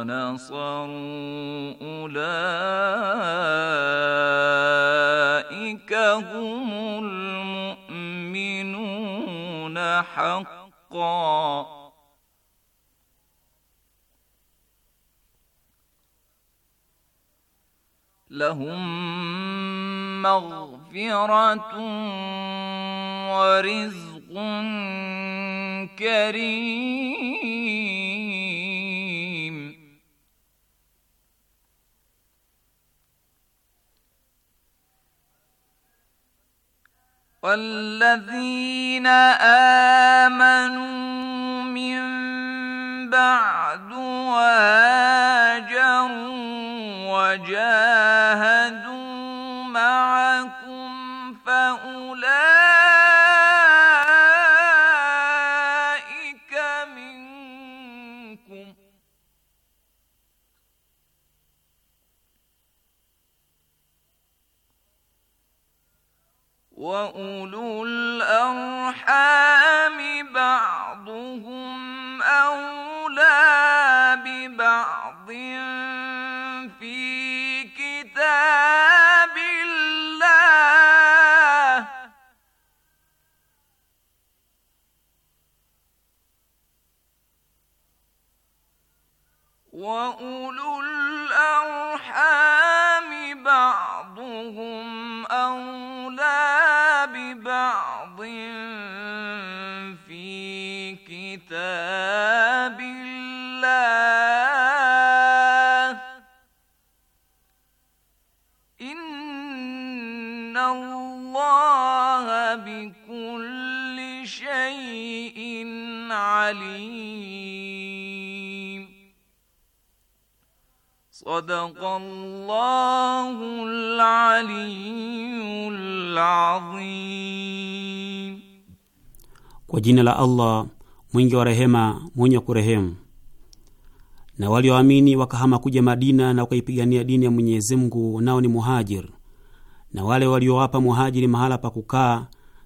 ونصروا أولئك هم المؤمنون حقا لهم مغفرة ورزق كريم والذين آمنوا من بعد وآمنوا وأولو بكل شيء عليم صدق الله العلي العظيم kwa jina la Allah mwingi wa rehema mwenye kurehemu. Na walioamini wa wakahama kuja Madina na wakaipigania dini ya Mwenyezi Mungu, nao ni muhajir, na wale waliowapa wa muhajiri mahala pa kukaa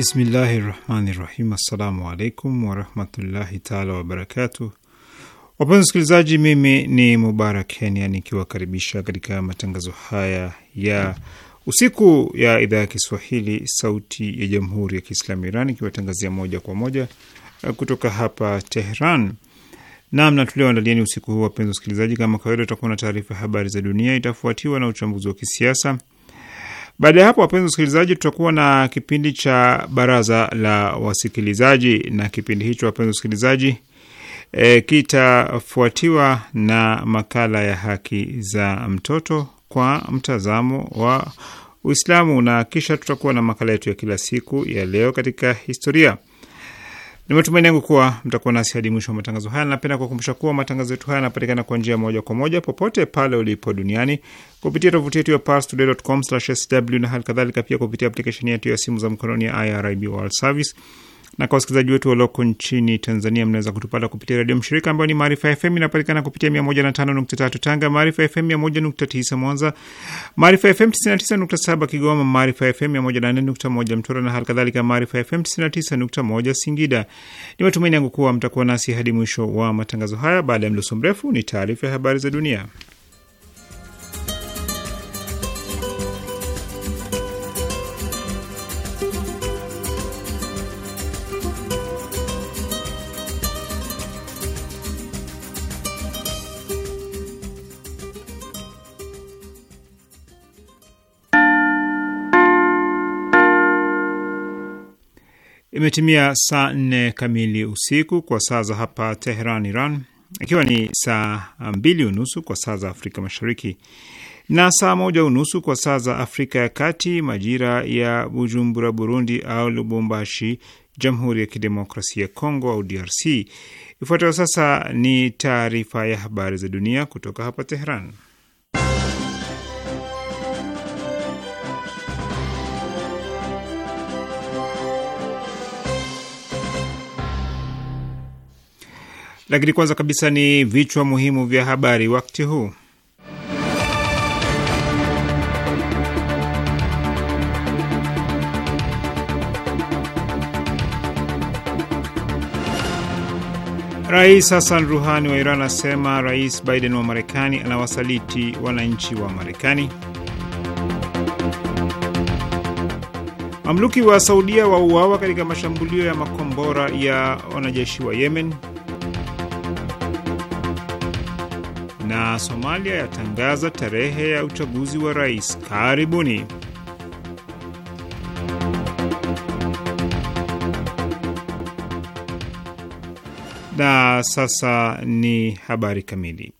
Bismillahi rahmani rahim. Assalamu alaikum warahmatullahi taala wabarakatuh. Wapenzi wasikilizaji, mimi ni Mubarak Kenya nikiwakaribisha katika matangazo haya ya usiku ya idhaa ya Kiswahili sauti ya jamhuri ya Kiislamu Iran ikiwatangazia moja kwa moja eh, kutoka hapa Tehran. Namna tulioandalieni usiku huu, wapenzi wasikilizaji, kama kawaida, utakuwa na taarifa habari za dunia, itafuatiwa na uchambuzi wa kisiasa baada ya hapo, wapenzi wasikilizaji, tutakuwa na kipindi cha baraza la wasikilizaji, na kipindi hicho wapenzi wasikilizaji, e, kitafuatiwa na makala ya haki za mtoto kwa mtazamo wa Uislamu, na kisha tutakuwa na makala yetu ya kila siku ya leo katika historia. Ni matumaini yangu kuwa mtakuwa nasi hadi mwisho wa matangazo haya. Napenda kuwakumbusha kuwa matangazo yetu haya yanapatikana kwa njia moja kwa moja popote pale ulipo duniani kupitia tovuti yetu ya parstoday.com/sw na hali kadhalika, pia kupitia aplikesheni yetu ya simu za mkononi ya IRIB World Service na kwa wasikilizaji wetu walioko nchini Tanzania, mnaweza kutupata kupitia redio mshirika ambayo ni Maarifa FM. Inapatikana kupitia 105.3 Tanga, Maarifa FM 101.9 Mwanza, Maarifa FM 99.7 Kigoma, Maarifa FM 104.1 Mtwara na halikadhalika Maarifa FM 99.1 Singida. Ni matumaini yangu kuwa mtakuwa nasi hadi mwisho wa matangazo haya. Baada ya mdoso mrefu, ni taarifa ya habari za dunia. Imetimia saa nne kamili usiku kwa saa za hapa Teheran, Iran, ikiwa ni saa mbili unusu kwa saa za Afrika Mashariki na saa moja unusu kwa saa za Afrika ya Kati, majira ya Bujumbura, Burundi, au Lubumbashi, Jamhuri ya Kidemokrasia ya Kongo au DRC. Ifuatayo sasa ni taarifa ya habari za dunia kutoka hapa Teheran. Lakini kwanza kabisa ni vichwa muhimu vya habari wakati huu. Rais Hassan Ruhani wa Iran asema Rais Biden wa Marekani anawasaliti wananchi wa Marekani. Mamluki wa Saudia wauawa katika mashambulio ya makombora ya wanajeshi wa Yemen. na Somalia yatangaza tarehe ya uchaguzi wa rais. Karibuni. Na sasa ni habari kamili.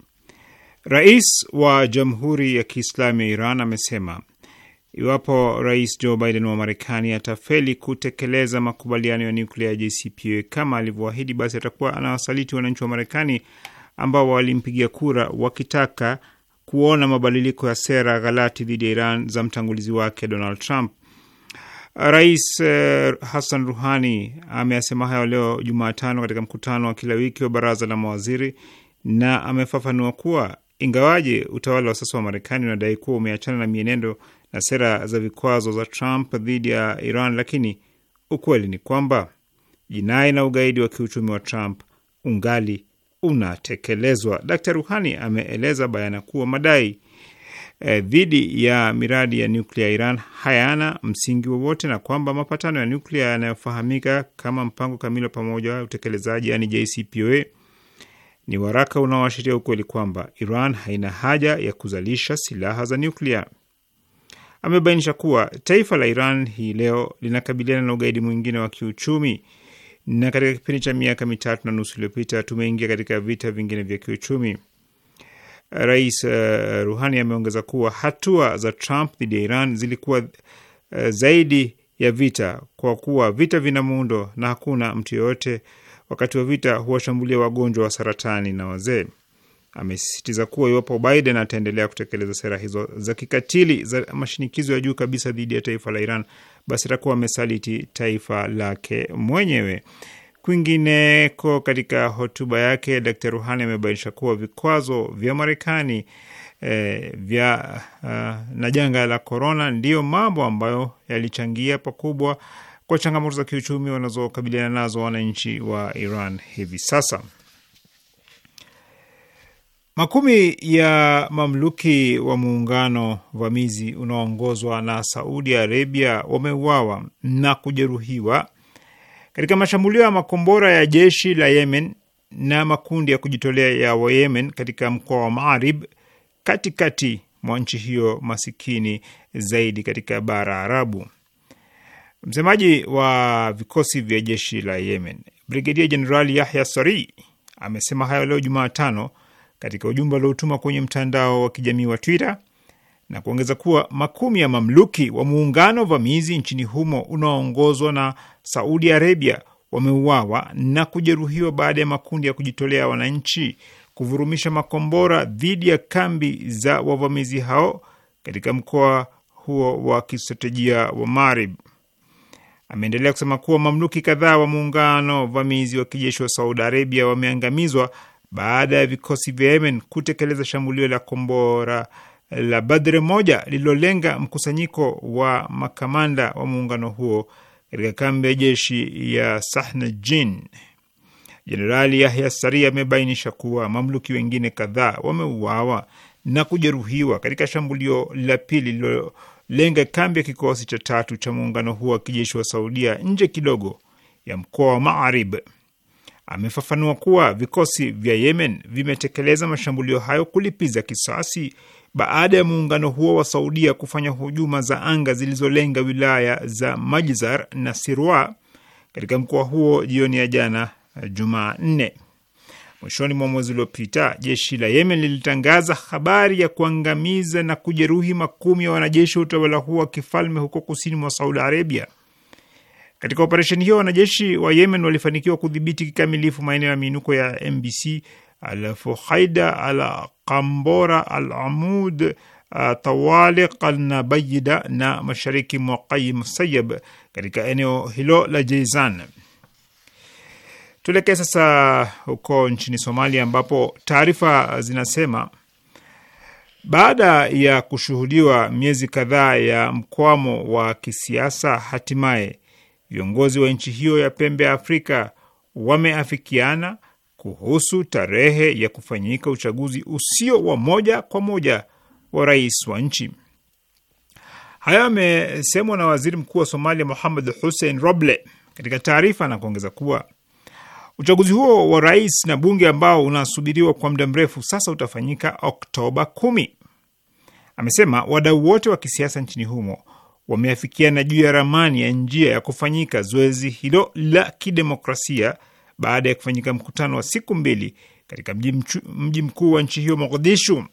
Rais wa Jamhuri ya Kiislamu ya Iran amesema iwapo Rais Joe Biden wa Marekani atafeli kutekeleza makubaliano ya nuklia ya JCPOA kama alivyoahidi, basi atakuwa anawasaliti wananchi wa Marekani ambao walimpigia kura wakitaka kuona mabadiliko ya sera ghalati dhidi ya Iran za mtangulizi wake Donald Trump. Rais eh, Hassan Ruhani ameyasema hayo leo Jumatano katika mkutano wa kila wiki wa baraza la mawaziri, na amefafanua kuwa ingawaje utawala wa sasa wa Marekani unadai kuwa umeachana na mienendo na sera za vikwazo za Trump dhidi ya Iran, lakini ukweli ni kwamba jinai na ugaidi wa kiuchumi wa Trump ungali unatekelezwa. Dr Ruhani ameeleza bayana kuwa madai e, dhidi ya miradi ya nyuklia ya Iran hayana msingi wowote na kwamba mapatano ya nyuklia yanayofahamika kama mpango kamili wa pamoja wa utekelezaji, yani JCPOA, ni waraka unaoashiria ukweli kwamba Iran haina haja ya kuzalisha silaha za nyuklia. Amebainisha kuwa taifa la Iran hii leo linakabiliana na ugaidi mwingine wa kiuchumi na katika kipindi cha miaka mitatu na nusu iliyopita tumeingia katika vita vingine vya kiuchumi. Rais uh, Ruhani ameongeza kuwa hatua za Trump dhidi ya Iran zilikuwa uh, zaidi ya vita, kwa kuwa vita vina muundo na hakuna mtu yoyote wakati wa vita huwashambulia wagonjwa wa saratani na wazee. Amesisitiza kuwa iwapo Biden ataendelea kutekeleza sera hizo za kikatili za mashinikizo ya juu kabisa dhidi ya taifa la Iran, basi atakuwa amesaliti taifa lake mwenyewe. Kwingineko, katika hotuba yake, Dkt Ruhani amebainisha kuwa vikwazo vya Marekani E, vya uh, na janga la korona ndiyo mambo ambayo yalichangia pakubwa kwa changamoto za kiuchumi wanazokabiliana nazo wananchi wa Iran hivi sasa. Makumi ya mamluki wa muungano vamizi unaoongozwa na Saudi Arabia wameuawa na kujeruhiwa katika mashambulio ya makombora ya jeshi la Yemen na makundi ya kujitolea ya Wayemen katika mkoa wa marib katikati mwa nchi hiyo masikini zaidi katika bara Arabu. Msemaji wa vikosi vya jeshi la Yemen, Brigedia Jenerali Yahya Sari amesema hayo leo Jumatano katika ujumbe aliotuma kwenye mtandao wa kijamii wa Twitter na kuongeza kuwa makumi ya mamluki wa muungano vamizi nchini humo unaoongozwa na Saudi Arabia wameuawa na kujeruhiwa baada ya makundi ya kujitolea wananchi kuvurumisha makombora dhidi ya kambi za wavamizi hao katika mkoa huo wa kistratejia wa Marib. Ameendelea kusema kuwa mamluki kadhaa wa muungano vamizi wa kijeshi wa Saudi Arabia wameangamizwa baada ya vikosi vya Yemen kutekeleza shambulio la kombora la Badre moja lililolenga mkusanyiko wa makamanda wa muungano huo katika kambi ya jeshi ya Sahnajin. Jenerali Yahya Sari amebainisha kuwa mamluki wengine kadhaa wameuawa na kujeruhiwa katika shambulio la pili lililolenga kambi ya kikosi cha tatu cha muungano huo wa kijeshi wa Saudia nje kidogo ya mkoa wa Maarib amefafanua kuwa vikosi vya Yemen vimetekeleza mashambulio hayo kulipiza kisasi baada ya muungano huo wa Saudia kufanya hujuma za anga zilizolenga wilaya za majizar na Sirwa katika mkoa huo jioni ya jana Jumanne. Mwishoni mwa mwezi uliopita jeshi la Yemen lilitangaza habari ya kuangamiza na kujeruhi makumi ya wanajeshi wa utawala huo wa kifalme huko kusini mwa Saudi Arabia. Katika operesheni hiyo wanajeshi wa Yemen walifanikiwa kudhibiti kikamilifu maeneo ya miinuko ya MBC Al Fuhaida, Al kambora Al Amud, uh, Tawaliq, Al Nabayida na mashariki mwa Qaim Musayab katika eneo hilo la Jeizan. Tuelekee sasa huko nchini Somalia ambapo taarifa zinasema baada ya kushuhudiwa miezi kadhaa ya mkwamo wa kisiasa, hatimaye viongozi wa nchi hiyo ya pembe ya Afrika wameafikiana kuhusu tarehe ya kufanyika uchaguzi usio wa moja kwa moja wa rais wa nchi. Hayo amesemwa na waziri mkuu wa Somalia muhamad Hussein Roble katika taarifa na kuongeza kuwa uchaguzi huo wa rais na bunge ambao unasubiriwa kwa muda mrefu sasa utafanyika Oktoba kumi. Amesema wadau wote wa kisiasa nchini humo wameafikiana juu ya ramani ya njia ya kufanyika zoezi hilo la kidemokrasia baada ya kufanyika mkutano wa siku mbili katika mji mkuu wa nchi hiyo Mogadishu.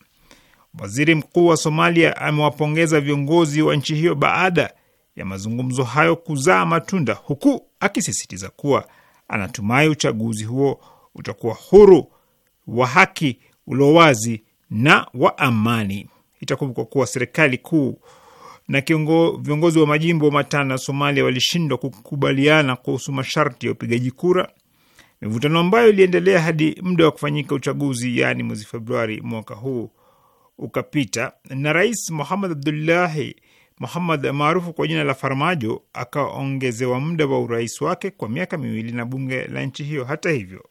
Waziri mkuu wa Somalia amewapongeza viongozi wa nchi hiyo baada ya mazungumzo hayo kuzaa matunda, huku akisisitiza kuwa anatumai uchaguzi huo utakuwa huru, wa haki, ulowazi na wa amani. Itakumbukwa kuwa serikali kuu na kiongo, viongozi wa majimbo matano ya Somalia walishindwa kukubaliana kuhusu masharti ya upigaji kura, mivutano ambayo iliendelea hadi muda wa kufanyika uchaguzi, yaani mwezi Februari mwaka huu ukapita, na Rais muhamad Abdullahi muhamad maarufu kwa jina la Farmajo akaongezewa muda wa urais wake kwa miaka miwili na bunge la nchi hiyo. Hata hivyo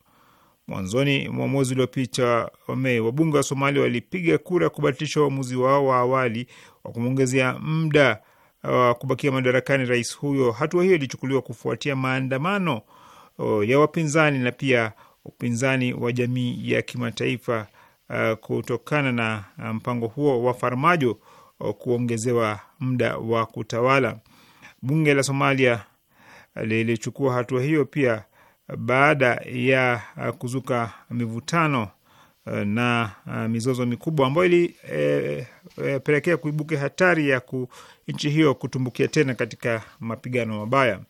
Mwanzoni mwa mwezi uliopita wa Mei, wabunge wa Somalia walipiga kura kubatilisha uamuzi wao wa awali wa kumwongezea muda wa uh, kubakia madarakani rais huyo. Hatua hiyo ilichukuliwa kufuatia maandamano uh, ya wapinzani na pia upinzani wa jamii ya kimataifa uh, kutokana na uh, mpango huo wa Farmajo uh, kuongezewa muda wa kutawala. Bunge la Somalia uh, lilichukua hatua hiyo pia baada ya eh, kuzuka mivutano eh, na eh, mizozo mikubwa ambayo ilipelekea e, kuibuka hatari ya ku, nchi hiyo kutumbukia tena katika mapigano mabaya.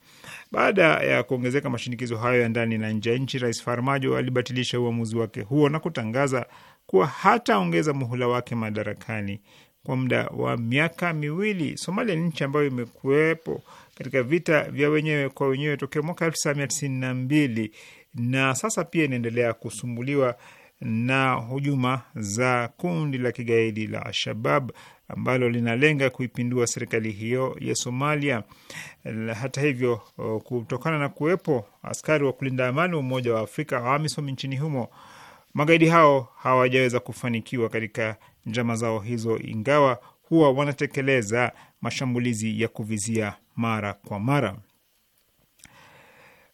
Baada ya kuongezeka mashinikizo hayo ya ndani na nje ya nchi, Rais Farmajo alibatilisha uamuzi wake huo na kutangaza kuwa hataongeza muhula wake madarakani kwa muda wa miaka miwili. Somalia ni nchi ambayo imekuwepo katika vita vya wenyewe kwa wenyewe tokea mwaka tisini na sasa pia inaendelea kusumbuliwa na hujuma za kundi la kigaidi la alshabab ambalo linalenga kuipindua serikali hiyo ya Somalia. Hata hivyo, kutokana na kuwepo askari wa kulinda amani wa Umoja wa Afrika AMISOM nchini humo Magaidi hao hawajaweza kufanikiwa katika njama zao hizo, ingawa huwa wanatekeleza mashambulizi ya kuvizia mara kwa mara.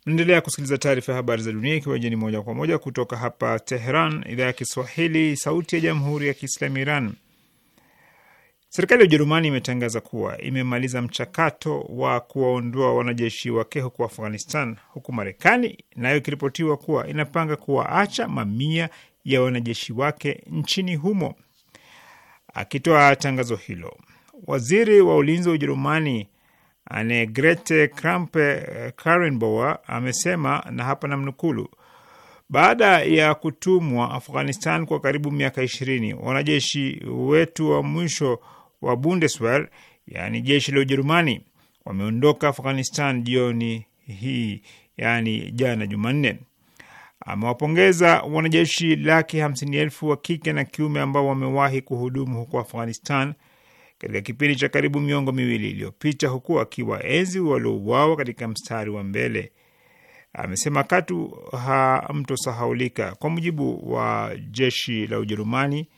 Naendelea kusikiliza taarifa ya habari za dunia, ikiwa jeni moja kwa moja kutoka hapa Tehran, idhaa ya Kiswahili, sauti ya jamhuri ya kiislamu Iran. Serikali ya Ujerumani imetangaza kuwa imemaliza mchakato wa kuwaondoa wanajeshi wake huko Afghanistan, huku Marekani nayo ikiripotiwa kuwa inapanga kuwaacha mamia ya wanajeshi wake nchini humo. Akitoa tangazo hilo, waziri wa ulinzi wa Ujerumani Annegret Kramp-Karrenbauer eh, amesema, na hapa namnukulu baada ya kutumwa Afghanistan kwa karibu miaka ishirini, wanajeshi wetu wa mwisho wa Bundeswehr, yaani jeshi la Ujerumani, wameondoka Afghanistan jioni hii, yaani jana Jumanne. Amewapongeza wanajeshi laki hamsini elfu wa kike na kiume ambao wamewahi kuhudumu huko Afghanistan katika kipindi cha karibu miongo miwili iliyopita, huku akiwaenzi waliouawa katika mstari wa mbele. Amesema katu hamtosahaulika. Kwa mujibu wa jeshi la Ujerumani,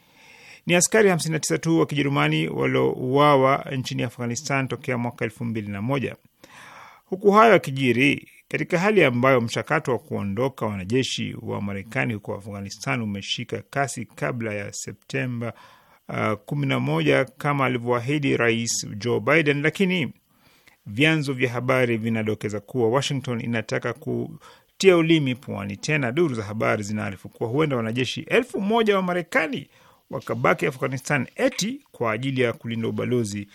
ni askari 59 tu wa Kijerumani waliouawa nchini Afghanistan tokea mwaka 2001. Huku hayo akijiri katika hali ambayo mchakato wa kuondoka wanajeshi wa Marekani huko Afghanistan umeshika kasi kabla ya Septemba uh, 11 kama alivyoahidi Rais Joe Biden, lakini vyanzo vya habari vinadokeza kuwa Washington inataka kutia ulimi pwani tena. Duru za habari zinaarifu kuwa huenda wanajeshi elfu moja wa Marekani wakabaki Afghanistan eti kwa ajili ya kulinda ubalozi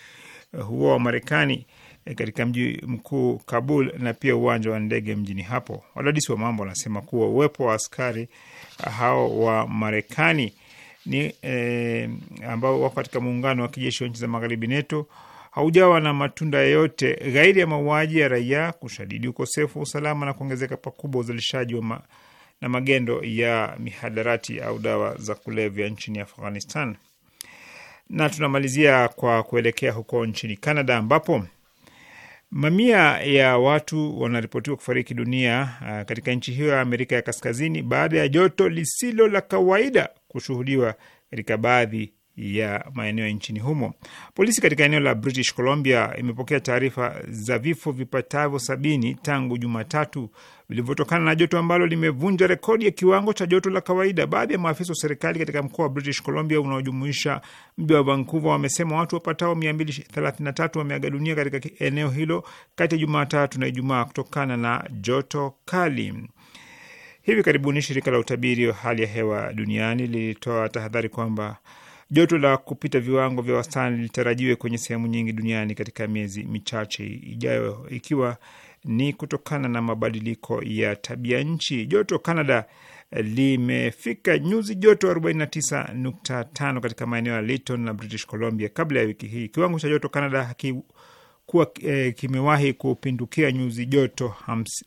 eh, huo wa Marekani eh, katika mji mkuu Kabul na pia uwanja wa ndege mjini hapo. Wadadisi wa mambo wanasema kuwa uwepo wa askari eh, hao wa Marekani ni eh, ambao wako katika muungano wa kijeshi wa nchi za magharibi NATO haujawa na matunda yoyote ghairi ya mauaji ya raia, kushadidi ukosefu wa usalama na kuongezeka pakubwa uzalishaji wa ma, na magendo ya mihadarati au dawa za kulevya nchini Afghanistan. Na tunamalizia kwa kuelekea huko nchini Canada ambapo mamia ya watu wanaripotiwa kufariki dunia uh, katika nchi hiyo ya Amerika ya Kaskazini baada ya joto lisilo la kawaida kushuhudiwa katika baadhi ya maeneo nchini humo. Polisi katika eneo la British Columbia imepokea taarifa za vifo vipatavyo sabini tangu Jumatatu vilivyotokana na joto ambalo limevunja rekodi ya kiwango cha joto la kawaida. Baadhi ya maafisa wa serikali katika mkoa wa British Columbia unaojumuisha mji wa Vancouver wamesema watu wapatao 233 wameaga dunia katika eneo hilo kati ya Jumatatu na Ijumaa kutokana na joto kali. Hivi karibuni shirika la utabiri wa hali ya hewa duniani lilitoa tahadhari kwamba Joto la kupita viwango vya wastani litarajiwe kwenye sehemu nyingi duniani katika miezi michache ijayo, ikiwa ni kutokana na mabadiliko ya tabia nchi. Joto Canada limefika nyuzi joto 49.5 katika maeneo ya liton na British Columbia kabla ya wiki hii. Kiwango cha joto Canada hakikuwa eh, kimewahi kupindukia nyuzi joto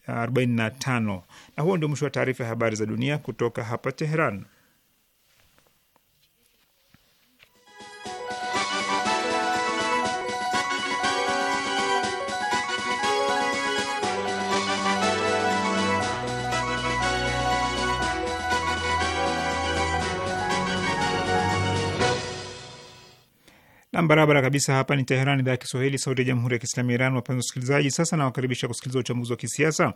45. Na huo ndio mwisho wa taarifa ya habari za dunia kutoka hapa Teheran. Nam barabara kabisa. Hapa ni Teheran, idhaa ya Kiswahili, sauti ya jamhuri ya kiislamu ya Iran. Wapenzi wasikilizaji, sasa nawakaribisha kusikiliza uchambuzi wa kisiasa.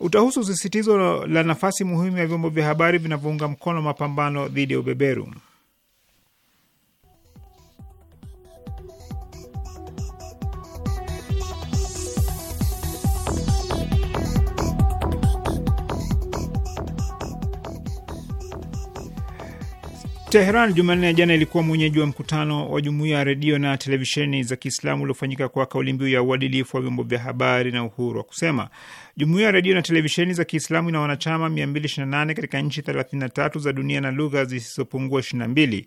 Utahusu sisitizo la nafasi muhimu ya vyombo vya habari vinavyounga mkono mapambano dhidi ya ubeberu. Teheran Jumanne ya jana ilikuwa mwenyeji wa mkutano wa jumuiya ya redio na televisheni za Kiislamu uliofanyika kwa kauli mbiu ya uadilifu wa vyombo vya habari na uhuru wa kusema. Jumuiya ya redio na televisheni za Kiislamu ina wanachama 228 katika nchi 33 za dunia na lugha zisizopungua 22.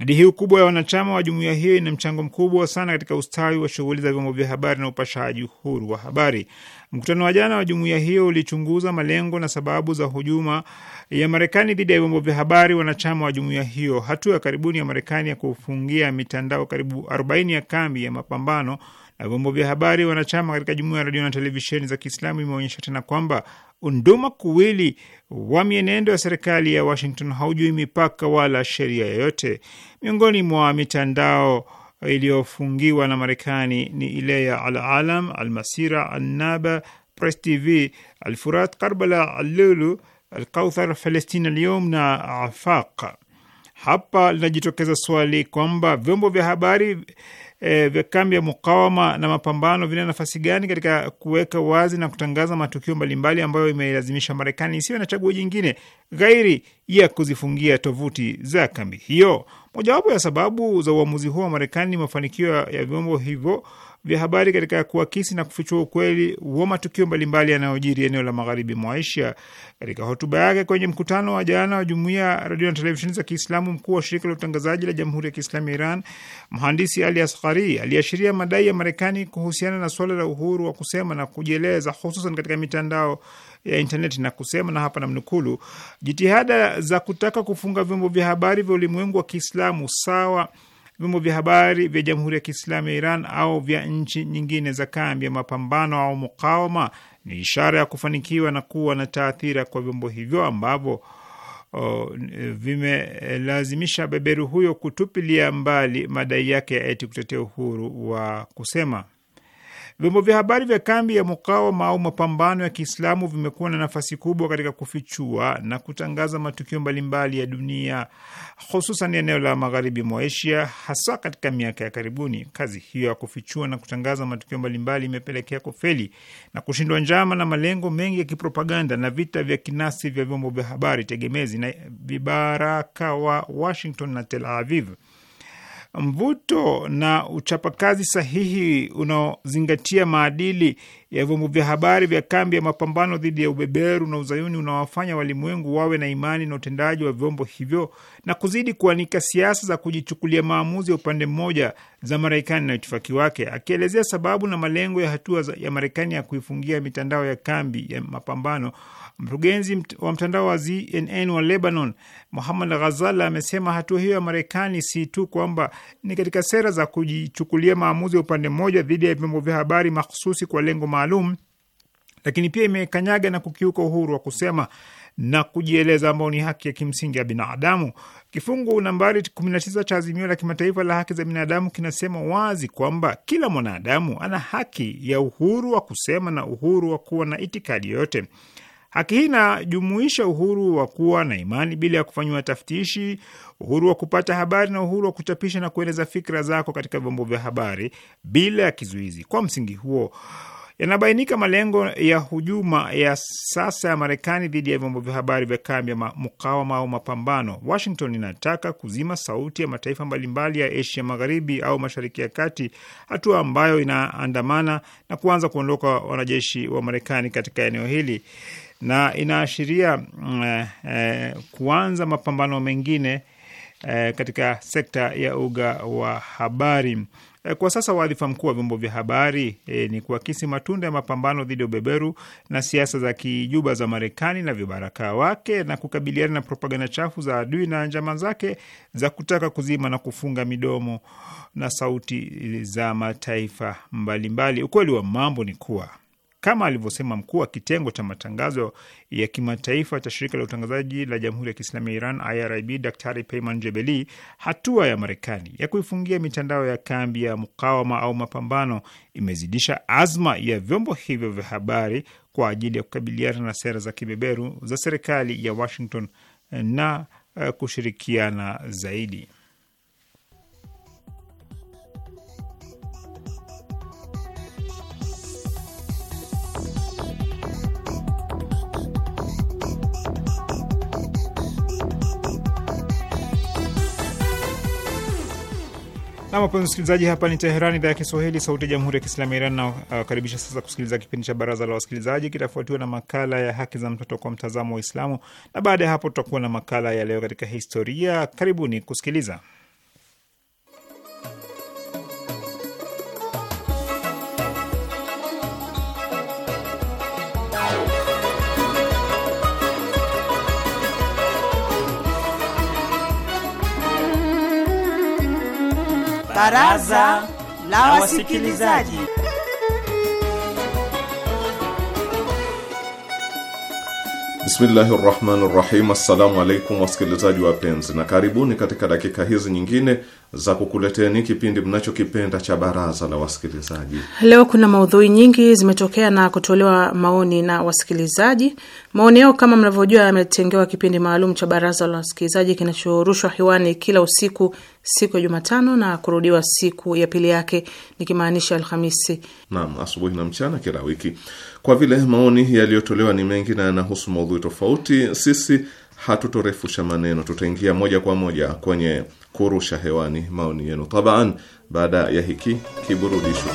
Idadi hiyo kubwa ya wanachama wa jumuiya hiyo ina mchango mkubwa sana katika ustawi wa shughuli za vyombo vya habari na upashaji huru wa habari. Mkutano wa jana wa jumuiya hiyo ulichunguza malengo na sababu za hujuma ya Marekani dhidi ya vyombo vya habari wanachama wa jumuiya hiyo. Hatua ya karibuni ya Marekani ya kufungia mitandao karibu 40 ya kambi ya mapambano vyombo vya habari wanachama katika jumuiya ya redio na televisheni za Kiislamu imeonyesha tena kwamba unduma kuwili wa mienendo ya serikali ya Washington haujui mipaka wala sheria yoyote. Miongoni mwa mitandao iliyofungiwa na Marekani ni ile ya Alalam, Almasira, Alnaba, Press TV, Alfurat, Karbala, Allulu, Alkauthar, Felestin Alyom na Afaq. Hapa linajitokeza swali kwamba vyombo vya habari e, vya kambi ya mukawama na mapambano vina nafasi gani katika kuweka wazi na kutangaza matukio mbalimbali ambayo imeilazimisha Marekani isiwe na chaguo jingine ghairi ya kuzifungia tovuti za kambi hiyo. Mojawapo ya sababu za uamuzi huo wa Marekani ni mafanikio ya vyombo hivyo vya habari katika kuakisi na kufichua ukweli wa matukio mbalimbali yanayojiri eneo la magharibi mwa Asia. Katika hotuba yake kwenye mkutano wa jana wa jumuiya ya redio na televisheni za Kiislamu, mkuu wa shirika la utangazaji la jamhuri ya Kiislamu ya Iran, mhandisi Ali Asghari, aliashiria madai ya Marekani kuhusiana na suala la uhuru wa kusema na kujieleza, hususan katika mitandao ya intaneti na kusema, na hapa namnukulu, jitihada za kutaka kufunga vyombo vya habari vya ulimwengu wa Kiislamu sawa vyombo vya habari vya Jamhuri ya Kiislamu ya Iran au vya nchi nyingine za kambi ya mapambano au mukawama ni ishara ya kufanikiwa na kuwa na taathira kwa vyombo hivyo ambavyo vimelazimisha beberu huyo kutupilia mbali madai yake ya eti kutetea uhuru wa kusema. Vyombo vya habari vya kambi ya mukawama au mapambano ya Kiislamu vimekuwa na nafasi kubwa katika kufichua na kutangaza matukio mbalimbali ya dunia, hususan eneo la magharibi mwa Asia, hasa katika miaka ya karibuni. Kazi hiyo ya kufichua na kutangaza matukio mbalimbali imepelekea kufeli na kushindwa njama na malengo mengi ya kipropaganda na vita vya kinasi vya vyombo vya habari tegemezi na vibaraka wa Washington na Tel Aviv mvuto na uchapakazi sahihi unaozingatia maadili ya vyombo vya habari vya kambi ya mapambano dhidi ya ubeberu na uzayuni unawafanya walimwengu wawe na imani na utendaji wa vyombo hivyo na kuzidi kuanika siasa za kujichukulia maamuzi ya upande mmoja za Marekani na itifaki wake. Akielezea sababu na malengo ya hatua ya Marekani ya kuifungia mitandao ya kambi ya mapambano, mkurugenzi wa mtandao wa ZNN wa Lebanon, Muhammad Ghazala, amesema hatua hiyo ya Marekani si tu kwamba ni katika sera za kujichukulia maamuzi ya upande mmoja dhidi ya vyombo vya habari mahususi kwa lengo ma maalum, lakini pia imekanyaga na kukiuka uhuru wa kusema na kujieleza ambao ni haki ya kimsingi ya binadamu. Kifungu nambari 19 cha azimio la kimataifa la haki za binadamu kinasema wazi kwamba kila mwanadamu ana haki ya uhuru wa kusema na uhuru wa kuwa na itikadi yoyote. Haki hii inajumuisha uhuru wa kuwa na imani bila ya kufanyiwa taftishi, uhuru wa kupata habari na uhuru wa kuchapisha na kueleza fikra zako katika vyombo vya habari bila ya kizuizi. Kwa msingi huo yanabainika malengo ya hujuma ya sasa ya Marekani dhidi ya vyombo vya habari vya kambi ya mukawama au mapambano. Washington inataka kuzima sauti ya mataifa mbalimbali ya Asia Magharibi au Mashariki ya Kati, hatua ambayo inaandamana na kuanza kuondoka wanajeshi wa Marekani katika eneo hili na inaashiria mm, eh, eh, kuanza mapambano mengine eh, katika sekta ya uga wa habari. Eh, kwa sasa wadhifa mkuu wa vyombo vya habari e, ni kuakisi matunda ya mapambano dhidi ya ubeberu na siasa za kijuba za Marekani na vibaraka wake na kukabiliana na propaganda chafu za adui na njama zake za kutaka kuzima na kufunga midomo na sauti za mataifa mbalimbali mbali. Ukweli wa mambo ni kuwa kama alivyosema mkuu wa kitengo cha matangazo ya kimataifa cha shirika la utangazaji la Jamhuri ya Kiislamu ya Iran IRIB Daktari Peyman Jebeli, hatua ya Marekani ya kuifungia mitandao ya kambi ya mukawama au mapambano imezidisha azma ya vyombo hivyo vya habari kwa ajili ya kukabiliana na sera za kibeberu za serikali ya Washington na eh, kushirikiana zaidi. Nam, wapenzi msikilizaji, hapa ni Teherani, idhaa ya Kiswahili, sauti ya jamhuri ya kiislamu ya Iran. Nawakaribisha uh, sasa kusikiliza kipindi cha baraza la wasikilizaji, kitafuatiwa na makala ya haki za mtoto kwa mtazamo wa Uislamu, na baada ya hapo tutakuwa na makala ya leo katika historia. Karibuni kusikiliza. Baraza la Wasikilizaji. Bismillahi rahmani rahim. Assalamu alaikum wasikilizaji wapenzi, na karibuni katika dakika hizi nyingine za kukuleteni kipindi mnachokipenda cha baraza la wasikilizaji. Leo kuna maudhui nyingi zimetokea na kutolewa maoni na wasikilizaji. Maoni yao kama mnavyojua, yametengewa kipindi maalum cha baraza la wasikilizaji kinachorushwa hewani kila usiku siku ya Jumatano na kurudiwa siku ya pili yake, nikimaanisha Alhamisi naam, asubuhi na mchana kila wiki. Kwa vile maoni yaliyotolewa ni mengi na yanahusu maudhui tofauti, sisi hatutorefusha maneno, tutaingia moja kwa moja kwenye kurusha hewani maoni yenu tabaan, baada ya hiki kiburudisho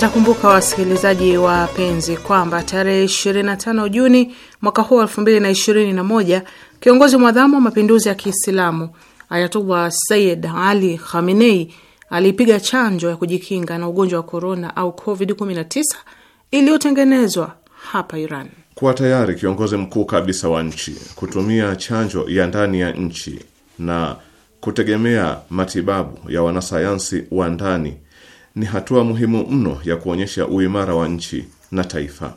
takumbuka wasikilizaji wapenzi kwamba tarehe 25 Juni mwaka huu 2021 kiongozi mwadhamu wa mapinduzi ya Kiislamu Ayatullah Sayyid Ali Khamenei alipiga chanjo ya kujikinga na ugonjwa wa korona au COVID-19 iliyotengenezwa hapa Iran. Kuwa tayari kiongozi mkuu kabisa wa nchi kutumia chanjo ya ndani ya nchi na kutegemea matibabu ya wanasayansi wa ndani ni hatua muhimu mno ya kuonyesha uimara wa nchi na taifa.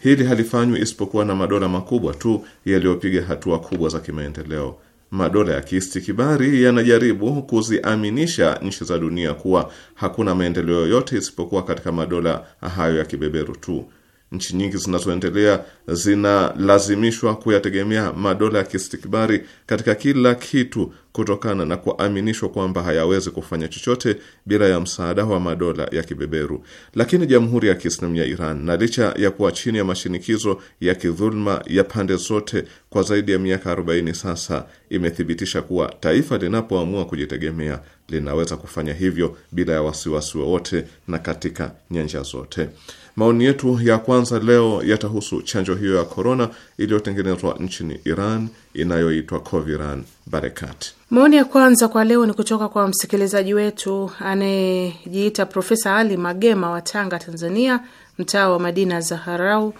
Hili halifanywi isipokuwa na madola makubwa tu yaliyopiga hatua kubwa za kimaendeleo Madola ya kiistikibari yanajaribu kuziaminisha nchi za dunia kuwa hakuna maendeleo yoyote isipokuwa katika madola hayo ya kibeberu tu. Nchi nyingi zinazoendelea zinalazimishwa kuyategemea madola ya kistikbari katika kila kitu kutokana na kuaminishwa kwamba hayawezi kufanya chochote bila ya msaada wa madola ya kibeberu. Lakini Jamhuri ya Kiislamu ya Iran, na licha ya kuwa chini ya mashinikizo ya kidhuluma ya pande zote kwa zaidi ya miaka 40 sasa, imethibitisha kuwa taifa linapoamua kujitegemea linaweza kufanya hivyo bila ya wasiwasi wowote na katika nyanja zote. Maoni yetu ya kwanza leo yatahusu chanjo hiyo ya korona iliyotengenezwa nchini Iran inayoitwa Coviran Barekat. Maoni ya kwanza kwa leo ni kutoka kwa msikilizaji wetu anayejiita Profesa Ali Magema wa Tanga, Tanzania, mtaa wa Madina Zaharau.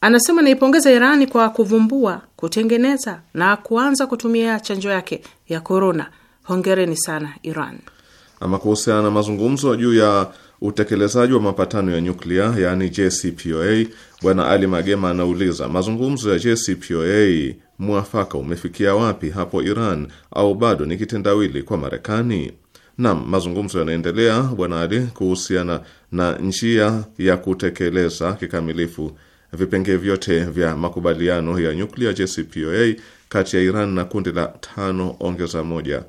Anasema naipongeza Irani kwa kuvumbua, kutengeneza na kuanza kutumia chanjo yake ya korona. Hongereni sana Iran. Ama kuhusiana na mazungumzo juu ya utekelezaji wa mapatano ya nyuklia yaani JCPOA, Bwana Ali Magema anauliza mazungumzo ya JCPOA mwafaka umefikia wapi hapo Iran, au bado ni kitendawili kwa Marekani? Nam, mazungumzo yanaendelea Bwana Ali kuhusiana na njia ya kutekeleza kikamilifu vipengee vyote vya makubaliano ya nyuklia JCPOA kati ya Iran na kundi la tano ongeza moja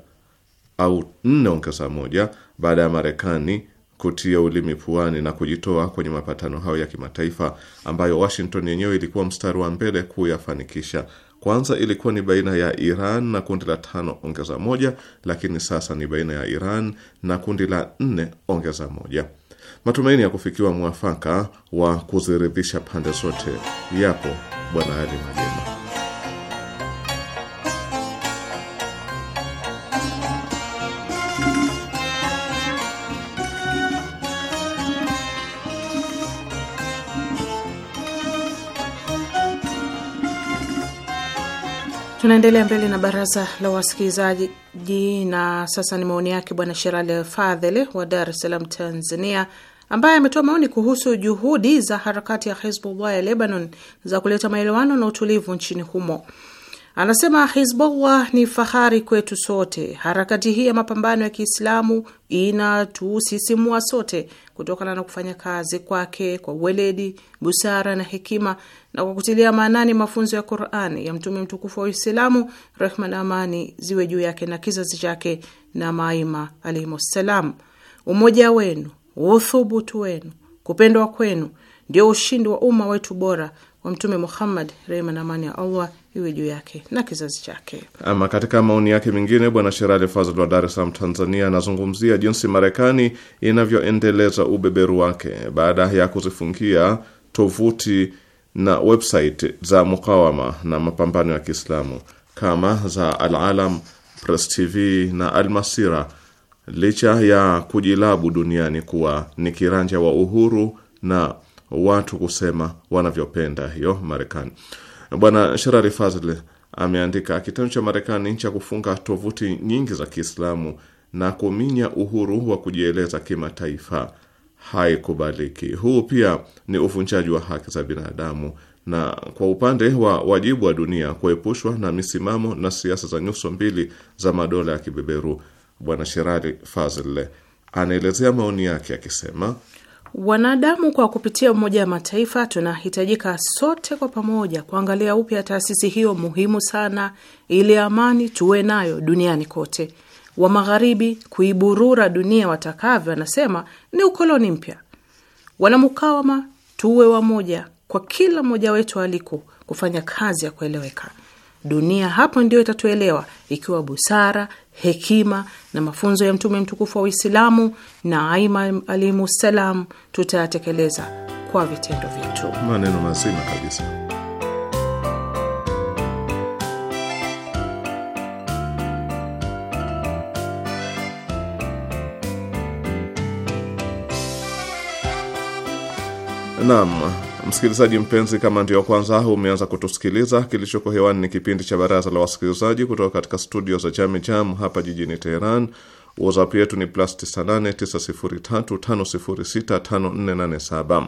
au nne ongeza moja baada ya Marekani kutia ulimi puani na kujitoa kwenye mapatano hayo ya kimataifa ambayo Washington yenyewe ilikuwa mstari wa mbele kuyafanikisha. Kwanza ilikuwa ni baina ya Iran na kundi la tano ongeza moja, lakini sasa ni baina ya Iran na kundi la nne ongeza moja. Matumaini ya kufikiwa mwafaka wa kuziridhisha pande zote yapo, Bwana Ali Majema. Tunaendelea mbele na baraza la wasikilizaji, na sasa ni maoni yake Bwana Sherali Fadhili wa Dar es Salaam, Tanzania, ambaye ametoa maoni kuhusu juhudi za harakati ya Hizbullah ya Lebanon za kuleta maelewano na utulivu nchini humo. Anasema Hizbullah ni fahari kwetu sote. Harakati hii ya mapambano ya Kiislamu inatusisimua sote kutokana na kufanya kazi kwake kwa weledi, busara na hekima na kwa kutilia maanani mafunzo ya Qurani ya Mtume mtukufu wa Uislamu, rehma na amani ziwe juu yake na kizazi chake na maima alaihimussalam. Umoja wenu, uthubutu wenu, kupendwa kwenu ndio ushindi wa umma wetu bora wa Mtume Muhammad, rehma na amani ya Allah iwe juu yake na kizazi chake. Ama katika maoni yake mengine, Bwana Sherali Fazl wa Dar es Salaam, Tanzania, anazungumzia jinsi Marekani inavyoendeleza ubeberu wake baada ya kuzifungia tovuti na website za mukawama na mapambano ya Kiislamu kama za Alalam, Press TV na Almasira, licha ya kujilabu duniani kuwa ni kiranja wa uhuru na watu kusema wanavyopenda. Hiyo Marekani Bwana Sherari Fazl ameandika, kitendo cha Marekani cha kufunga tovuti nyingi za Kiislamu na kuminya uhuru wa kujieleza kimataifa haikubaliki. Huu pia ni uvunjaji wa haki za binadamu, na kwa upande wa wajibu wa dunia kuepushwa na misimamo na siasa za nyuso mbili za madola ya kibeberu. Bwana Sherari Fazl anaelezea maoni yake akisema: Wanadamu kwa kupitia Umoja wa Mataifa tunahitajika sote kwa pamoja kuangalia upya taasisi hiyo muhimu sana, ili amani tuwe nayo duniani kote. Wa Magharibi kuiburura dunia watakavyo, anasema ni ukoloni mpya. Wanamukawama, tuwe wamoja kwa kila mmoja wetu aliko kufanya kazi ya kueleweka. Dunia hapo ndio itatuelewa, ikiwa busara hekima na mafunzo ya mtume mtukufu wa Uislamu na aima alihimussalam tutayatekeleza kwa vitendo vyetu. Maneno mazima kabisa. Naam. Msikilizaji mpenzi, kama ndiyo kwanza umeanza kutusikiliza, kilichoko hewani ni kipindi cha Baraza la Wasikilizaji kutoka katika studio za Jam Jam hapa jijini Teheran. WhatsApp yetu ni plus 989035065487.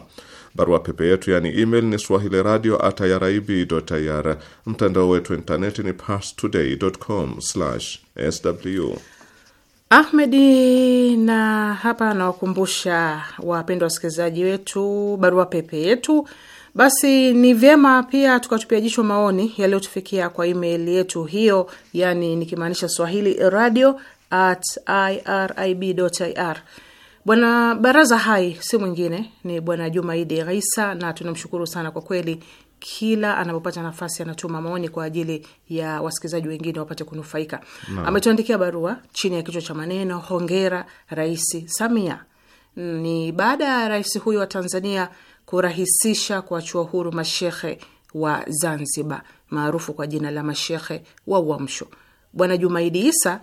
Barua pepe yetu yani email ni swahili radio at irib.ir. Mtandao wetu wa intaneti ni parstoday.com/sw Ahmedi. Na hapa nawakumbusha wapendwa wasikilizaji wetu barua pepe yetu. Basi ni vyema pia tukatupia jicho maoni yaliyotufikia kwa email yetu hiyo, yani nikimaanisha swahili radio at irib.ir. Bwana baraza hai si mwingine ni Bwana Jumaidi Isa, na tunamshukuru sana kwa kweli kila anapopata nafasi anatuma maoni kwa ajili ya wasikilizaji wengine wapate kunufaika no. Ametuandikia barua chini ya kichwa cha maneno hongera Rais Samia. Ni baada ya rais huyo wa Tanzania kurahisisha kuachua huru mashehe wa Zanzibar maarufu kwa jina la mashehe wa Uamsho. Bwana Jumaidi Isa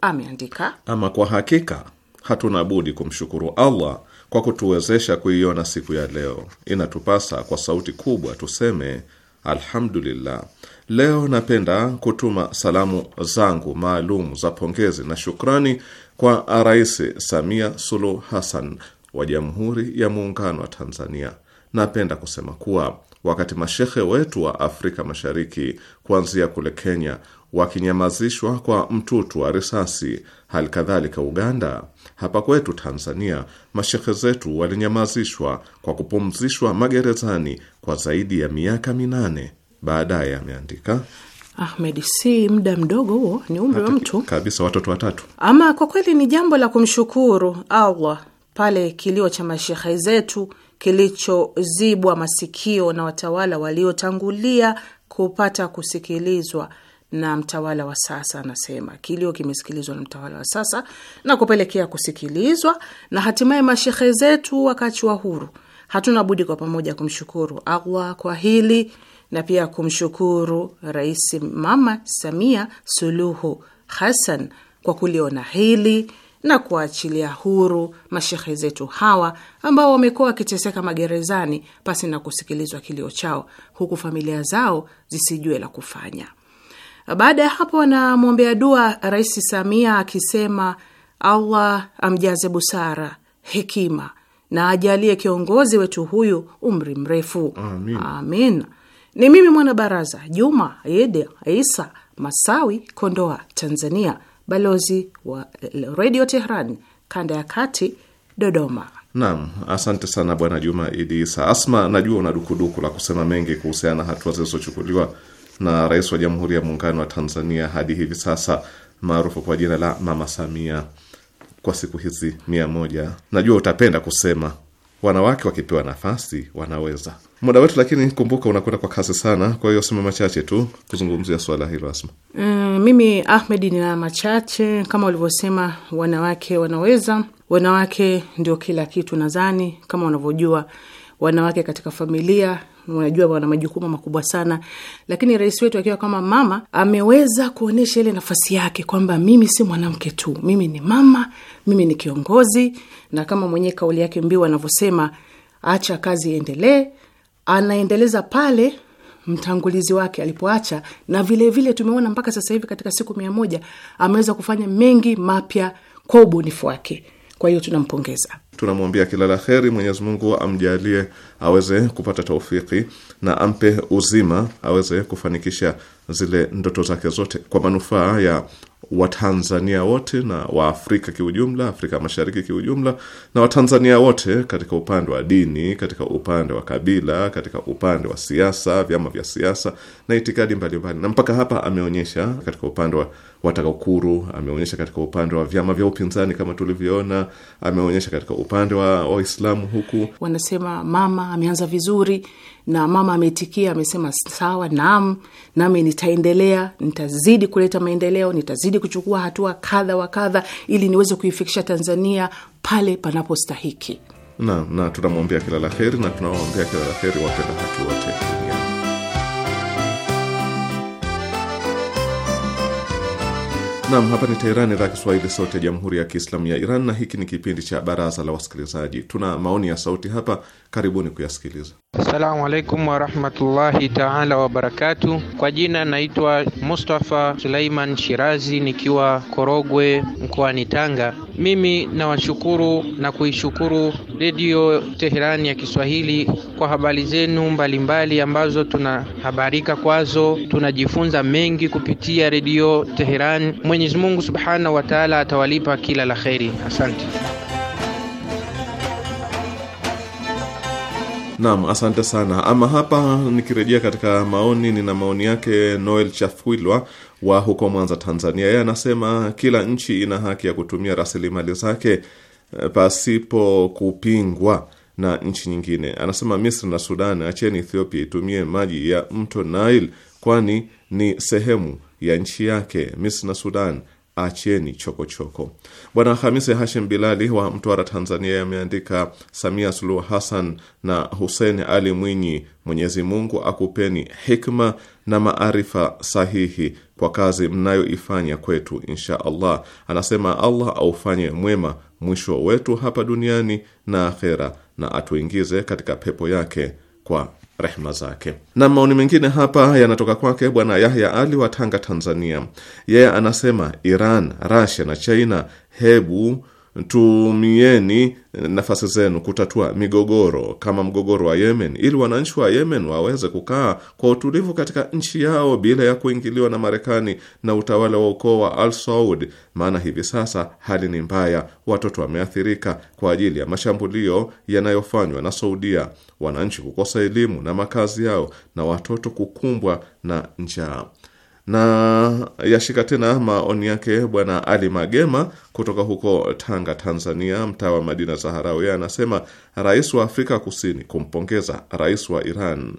ameandika, ama kwa hakika hatuna budi kumshukuru Allah kwa kutuwezesha kuiona siku ya leo. Inatupasa kwa sauti kubwa tuseme alhamdulillah. Leo napenda kutuma salamu zangu maalum za pongezi na shukrani kwa Rais Samia Suluhu Hassan wa Jamhuri ya Muungano wa Tanzania. Napenda kusema kuwa wakati mashehe wetu wa Afrika Mashariki kuanzia kule Kenya wakinyamazishwa kwa mtutu wa risasi. Hali kadhalika Uganda, hapa kwetu Tanzania, mashehe zetu walinyamazishwa kwa kupumzishwa magerezani kwa zaidi ya miaka minane. Baadaye ameandika Ahmed, si muda mdogo huo, ni umri wa mtu kabisa, watoto watatu. Ama kwa kweli ni jambo la kumshukuru Allah pale kilio cha mashehe zetu kilichozibwa masikio na watawala waliotangulia kupata kusikilizwa na mtawala wa sasa. Anasema kilio kimesikilizwa na mtawala wa sasa na kupelekea kusikilizwa na hatimaye mashehe zetu wakaachiwa huru. Hatuna budi kwa pamoja kumshukuru Allah kwa hili na pia kumshukuru Rais Mama Samia Suluhu Hassan kwa kuliona hili na kuachilia huru mashehe zetu hawa ambao wamekuwa wakiteseka magerezani pasi na kusikilizwa kilio chao, huku familia zao zisijue la kufanya. Baada ya hapo, anamwombea dua Rais Samia akisema Allah amjaze busara, hekima na ajalie kiongozi wetu huyu umri mrefu amin. Amin. Ni mimi mwanabaraza Juma Ede Isa Masawi, Kondoa, Tanzania, balozi wa Redio Tehran kanda ya kati, Dodoma. Naam, asante sana Bwana Juma Idi Isa. Asma, najua una dukuduku la kusema mengi kuhusiana na hatua zilizochukuliwa na rais wa Jamhuri ya Muungano wa Tanzania hadi hivi sasa maarufu kwa jina la Mama Samia kwa siku hizi mia moja, najua utapenda kusema wanawake wakipewa nafasi wanaweza. Muda wetu lakini kumbuka, unakwenda kwa kasi sana, kwa hiyo sema machache tu kuzungumzia swala hilo Asma. Mm, mimi Ahmed nina machache kama ulivyosema, wanawake wanaweza, wanawake ndio kila kitu. Nadhani kama unavyojua wanawake katika familia, unajua wana majukumu makubwa sana, lakini rais wetu akiwa kama mama ameweza kuonyesha ile nafasi yake kwamba mimi si mwanamke tu, mimi ni mama, mimi ni kiongozi, na kama mwenye kauli yake mbiu anavyosema, acha kazi iendelee, anaendeleza pale mtangulizi wake alipoacha, na vilevile vile tumeona mpaka sasa hivi katika siku mia moja ameweza kufanya mengi mapya kwa ubunifu wake. Kwa hiyo tunampongeza. Tunamwambia kila la kheri Mwenyezi Mungu amjalie aweze kupata taufiki na ampe uzima aweze kufanikisha zile ndoto zake zote kwa manufaa ya Watanzania wote na Waafrika kiujumla, Afrika Mashariki kiujumla, na Watanzania wote katika upande wa dini, katika upande wa kabila, katika upande wa siasa, vyama vya siasa na itikadi mbalimbali. Na mpaka hapa ameonyesha katika upande wa watakukuru, ameonyesha katika upande wa vyama vya upinzani kama tulivyoona, ameonyesha katika upande wa Waislamu huku wanasema mama ameanza vizuri na mama ametikia amesema sawa, naam, nami nitaendelea, nitazidi kuleta maendeleo, nitazidi kuchukua hatua kadha wa kadha ili niweze kuifikisha Tanzania pale panapostahiki. Na, na tunamwambia kila la heri na tunawambia kila la heri wapenda haki wote. Nam, hapa ni Teherani, idhaa Kiswahili, sauti ya jamhuri ya kiislamu ya Iran, na hiki ni kipindi cha baraza la wasikilizaji. Tuna maoni ya sauti hapa, karibuni kuyasikiliza. Assalamu alaikum warahmatullahi taala wabarakatu. Kwa jina naitwa Mustafa Suleiman Shirazi nikiwa Korogwe mkoani Tanga. Mimi nawashukuru na kuishukuru Redio Teherani ya Kiswahili kwa habari zenu mbalimbali ambazo tunahabarika kwazo, tunajifunza mengi kupitia Redio Teherani. Mwenyezi Mungu subhanahu wa taala atawalipa kila la kheri. Asante. Naam, asante sana. Ama hapa nikirejea katika maoni, nina maoni yake Noel Chafwilwa wa huko Mwanza, Tanzania. Yeye anasema kila nchi ina haki ya kutumia rasilimali zake eh, pasipo kupingwa na nchi nyingine. Anasema Misri na Sudan, acheni Ethiopia itumie maji ya mto Nile, kwani ni sehemu ya nchi yake. Misri na Sudan Acheni chokochoko. Bwana Hamisi Hashim Bilali wa Mtwara, Tanzania, ameandika Samia Suluhu Hassan na Hussein Ali Mwinyi, Mwenyezi Mungu akupeni hikma na maarifa sahihi kwa kazi mnayoifanya kwetu, insha Allah. Anasema Allah aufanye mwema mwisho wetu hapa duniani na akhera, na atuingize katika pepo yake kwa rehma zake. Na maoni mengine hapa yanatoka kwake Bwana Yahya Ali wa Tanga, Tanzania. Yeye anasema Iran, Rasia na China, hebu tumieni nafasi zenu kutatua migogoro kama mgogoro wa Yemen, ili wananchi wa Yemen waweze kukaa kwa utulivu katika nchi yao bila ya kuingiliwa na Marekani na utawala wa ukoo wa Al Saud, maana hivi sasa hali ni mbaya. Watoto wameathirika kwa ajili ya mashambulio yanayofanywa na Saudia wananchi kukosa elimu na makazi yao na watoto kukumbwa na njaa. Na yashika tena maoni yake Bwana Ali Magema kutoka huko Tanga, Tanzania, mtaa wa Madina Zaharau. Yeye anasema rais wa Afrika Kusini kumpongeza rais wa Iran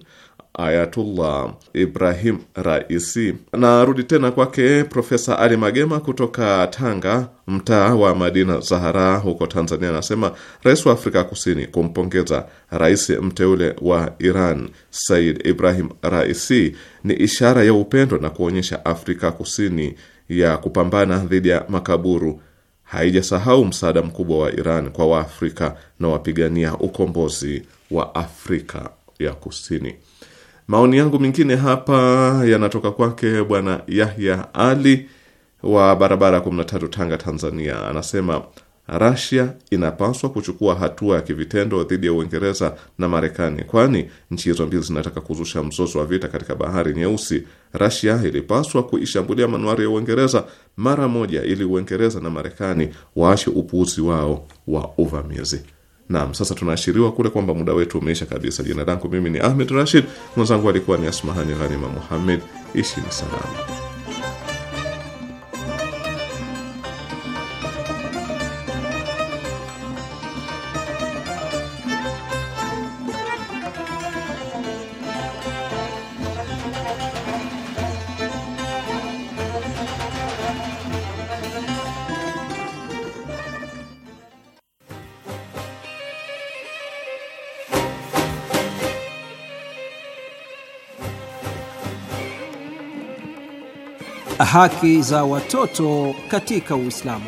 Ayatullah Ibrahim Raisi. Narudi tena kwake Profesa Ali Magema kutoka Tanga, mtaa wa Madina Zahara huko Tanzania, anasema rais wa Afrika Kusini kumpongeza rais mteule wa Iran Said Ibrahim Raisi ni ishara ya upendo na kuonyesha Afrika Kusini ya kupambana dhidi ya makaburu haijasahau msaada mkubwa wa Iran kwa Waafrika na wapigania ukombozi wa Afrika ya Kusini. Maoni yangu mengine hapa yanatoka kwake bwana Yahya Ali wa barabara tatu, Tanga, Tanzania. Anasema Rasia inapaswa kuchukua hatua ya kivitendo dhidi ya Uingereza na Marekani, kwani nchi hizo mbili zinataka kuzusha mzozo wa vita katika bahari Nyeusi. Rasia ilipaswa kuishambulia manuari ya Uingereza mara moja, ili Uingereza na Marekani waache upuuzi wao wa uvamizi. Naam, sasa tunaashiriwa kule kwamba muda wetu umeisha kabisa. Jina langu mimi ni Ahmed Rashid, mwenzangu alikuwa ni Asmahani Ghanima Muhammed. Ishini salama. Haki za watoto katika Uislamu.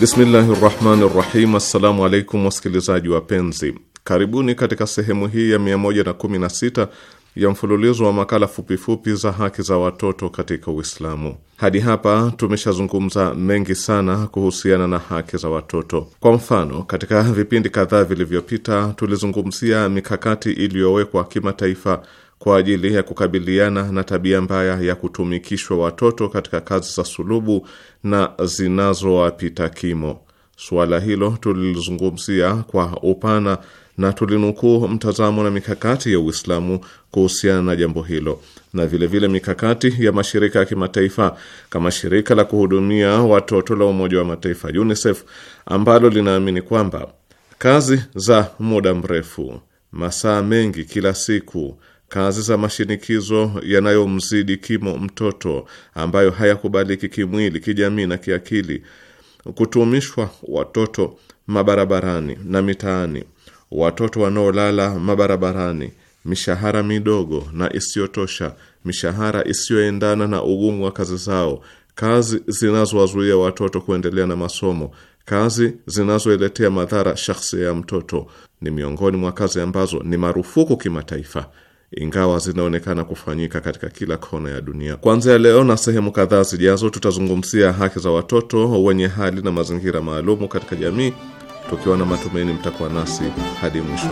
Bismillahi rahmani rahim. Assalamu alaikum wasikilizaji wapenzi, karibuni katika sehemu hii ya 116 ya mfululizo wa makala fupifupi za haki za watoto katika Uislamu. Hadi hapa tumeshazungumza mengi sana kuhusiana na haki za watoto. Kwa mfano, katika vipindi kadhaa vilivyopita tulizungumzia mikakati iliyowekwa kimataifa kwa ajili ya kukabiliana na tabia mbaya ya kutumikishwa watoto katika kazi za sulubu na zinazowapita kimo. Suala hilo tulilizungumzia kwa upana na tulinukuu mtazamo na mikakati ya Uislamu kuhusiana na jambo hilo na vilevile vile mikakati ya mashirika ya kimataifa kama shirika la kuhudumia watoto la Umoja wa Mataifa UNICEF ambalo linaamini kwamba kazi za muda mrefu, masaa mengi kila siku kazi za mashinikizo yanayomzidi kimo mtoto ambayo hayakubaliki kimwili, kijamii na kiakili, kutumishwa watoto mabarabarani na mitaani, watoto wanaolala mabarabarani, mishahara midogo na isiyotosha, mishahara isiyoendana na ugumu wa kazi zao, kazi zinazowazuia watoto kuendelea na masomo, kazi zinazoeletea madhara shakhsia ya mtoto, ni miongoni mwa kazi ambazo ni marufuku kimataifa ingawa zinaonekana kufanyika katika kila kona ya dunia. Kuanzia leo na sehemu kadhaa zijazo, tutazungumzia haki za watoto wenye hali na mazingira maalumu katika jamii, tukiwa na matumaini mtakuwa nasi hadi mwisho.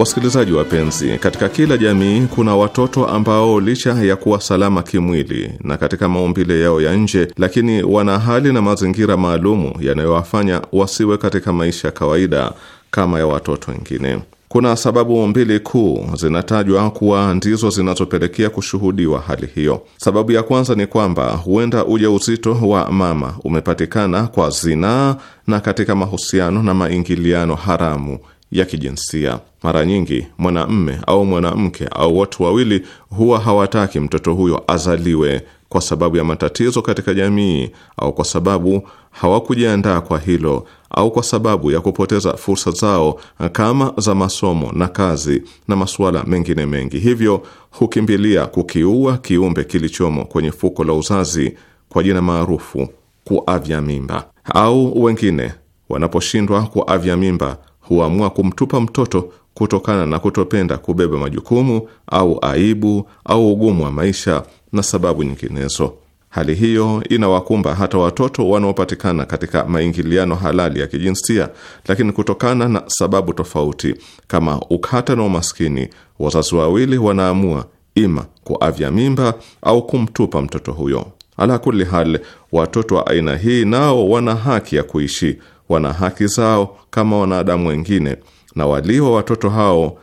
Wasikilizaji wapenzi, katika kila jamii kuna watoto ambao licha ya kuwa salama kimwili na katika maumbile yao ya nje, lakini wana hali na mazingira maalumu yanayowafanya wasiwe katika maisha ya kawaida kama ya watoto wengine. Kuna sababu mbili kuu zinatajwa kuwa ndizo zinazopelekea kushuhudiwa hali hiyo. Sababu ya kwanza ni kwamba huenda ujauzito wa mama umepatikana kwa zinaa na katika mahusiano na maingiliano haramu ya kijinsia. Mara nyingi mwanamme au mwanamke au watu wawili huwa hawataki mtoto huyo azaliwe kwa sababu ya matatizo katika jamii au kwa sababu hawakujiandaa kwa hilo au kwa sababu ya kupoteza fursa zao kama za masomo na kazi na masuala mengine mengi, hivyo hukimbilia kukiua kiumbe kilichomo kwenye fuko la uzazi kwa jina maarufu kuavya mimba. Au wengine wanaposhindwa kuavya mimba huamua kumtupa mtoto kutokana na kutopenda kubeba majukumu au aibu au ugumu wa maisha na sababu nyinginezo. Hali hiyo inawakumba hata watoto wanaopatikana katika maingiliano halali ya kijinsia, lakini kutokana na sababu tofauti kama ukata na umaskini, wazazi wawili wanaamua ima kuavya mimba au kumtupa mtoto huyo. Ala kulli hal, watoto wa aina hii nao wana haki ya kuishi, wana haki zao kama wanadamu wengine, na walio watoto hao